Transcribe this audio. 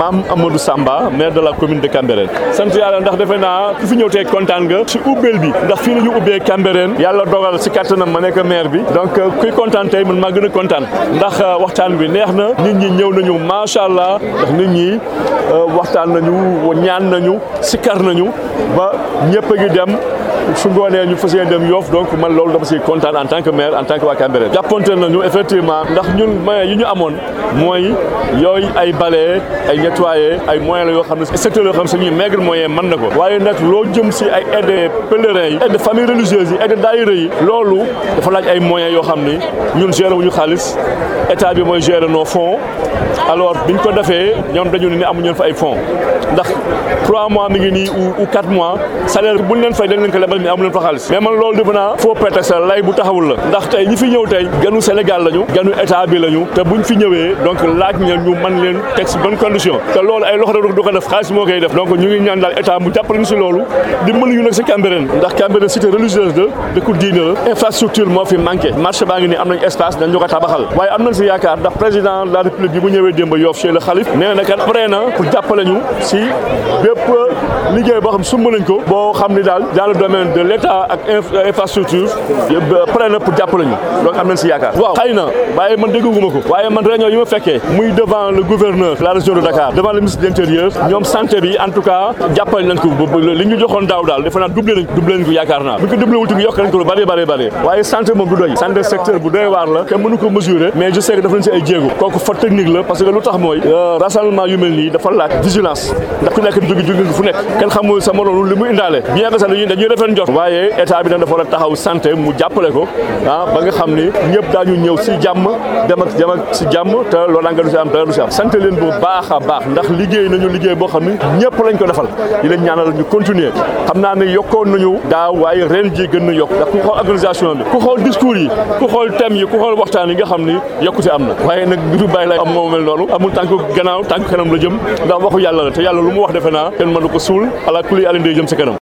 maam Amadou Samba maire de la commune de Cambérène sant yàlla ndax defe naa ku fi ñëw tey kontaan nga ci ubbeel bi ndax fii la ñu ubbee Cambérène yàlla dogal si kattanam ma nekk maire bi donc euh, kuy kontaan tey man maa gën a kontaan ndax euh, waxtaan wi neex na nit ñi ñëw nañu macha allah ndax nit ñi euh, waxtaan nañu ñaan nañu sikkar nañu ba ñëpp a ngi dem. su ngoonee ñu fas yéene dem Yoff donc man loolu dama si kontaan en tant que maire en tant que waa Cambérène jàppante nañu effectivement ndax yi ñu amoon mooy yooyu nettoyer ay moyens la yoo xam ne secteur yoo xam ne suñuy maigre moyen mën na ko waaye nag loo jëm si ay aide pèlerins yi aide famille religieuse yi aide daayira yi loolu dafa laaj ay moyens yoo xam ni ñun gérer wuñu xaalis état bi mooy gérer nos fonds alors biñ ko defee ñoom dañu ne amuñu fa ay fonds ndax trois mois mi ngi nii ou quatre mois salaire buñ leen fay dañ leen ko lebal mais amu leen fa xaalis mais man loolu defe naa faux prétexte la lay bu taxawul la ndax tey ñi fi ñëw tey ganu Sénégal lañu ganu état bi lañu te buñ fi ñëwee donc laaj na ñu mën leen teg si bonne condition ma te loolu ay loxo du ko def xaalis moo koy def donc ñu ngi ñaan daal état mu jàppale ñu si loolu dimbali ñu nag si Cambérène ndax Cambérène cité religieuse la dëkku diine la infrastructure moo fi manqué marché baa ngi nii am nañ espace dañ ñu ko tabaxal waaye am nañ si yaakaar ndax président la république bi mu ñëwee démb Yoff chez le xalif nee na pour jàppale ñu si bépp liggéey boo xam sumb nañ ko boo xam ni daal dans le domaine milliards devant le ministre ñoom santé bi en tout cas jàppale nañ ko li ñu joxoon daaw daal defe naa nañ ko yaakaar naa bu ñu ko doublé wul tamit nañ ko bari bari waaye santé moom du doy santé secteur bu doy waar la te mënu ko mesurer mais je sais que nañ si ay jéego kooku fa technique la parce que lu tax mooy euh, rassemblement yu mel nii dafa laaj vigilance ndax ku nekk jóge fu nekk kenn xamul sa moroom li mu indaale bien que sax a ah, ni ñëpp daañu ñëw baax ndax liggéey nañu liggéey boo xam ne ñëpp lañ ko defal di leen ñaanal ñu continuer xam naa ne yokkoon nañu daaw waaye ren ji gën na yokk ndax ku xool organisation bi ku xool discours yi ku xool thème yi ku xool waxtaan yi nga xam ni yokkute am na waaye nag bidu bàyyi lay am moo mel noonu amul tànk gannaaw tànk kanam la jëm ndax waxu yàlla la te yàlla lu mu wax defe naa kenn mënu ko suul ala kulli alin day jëm si kanam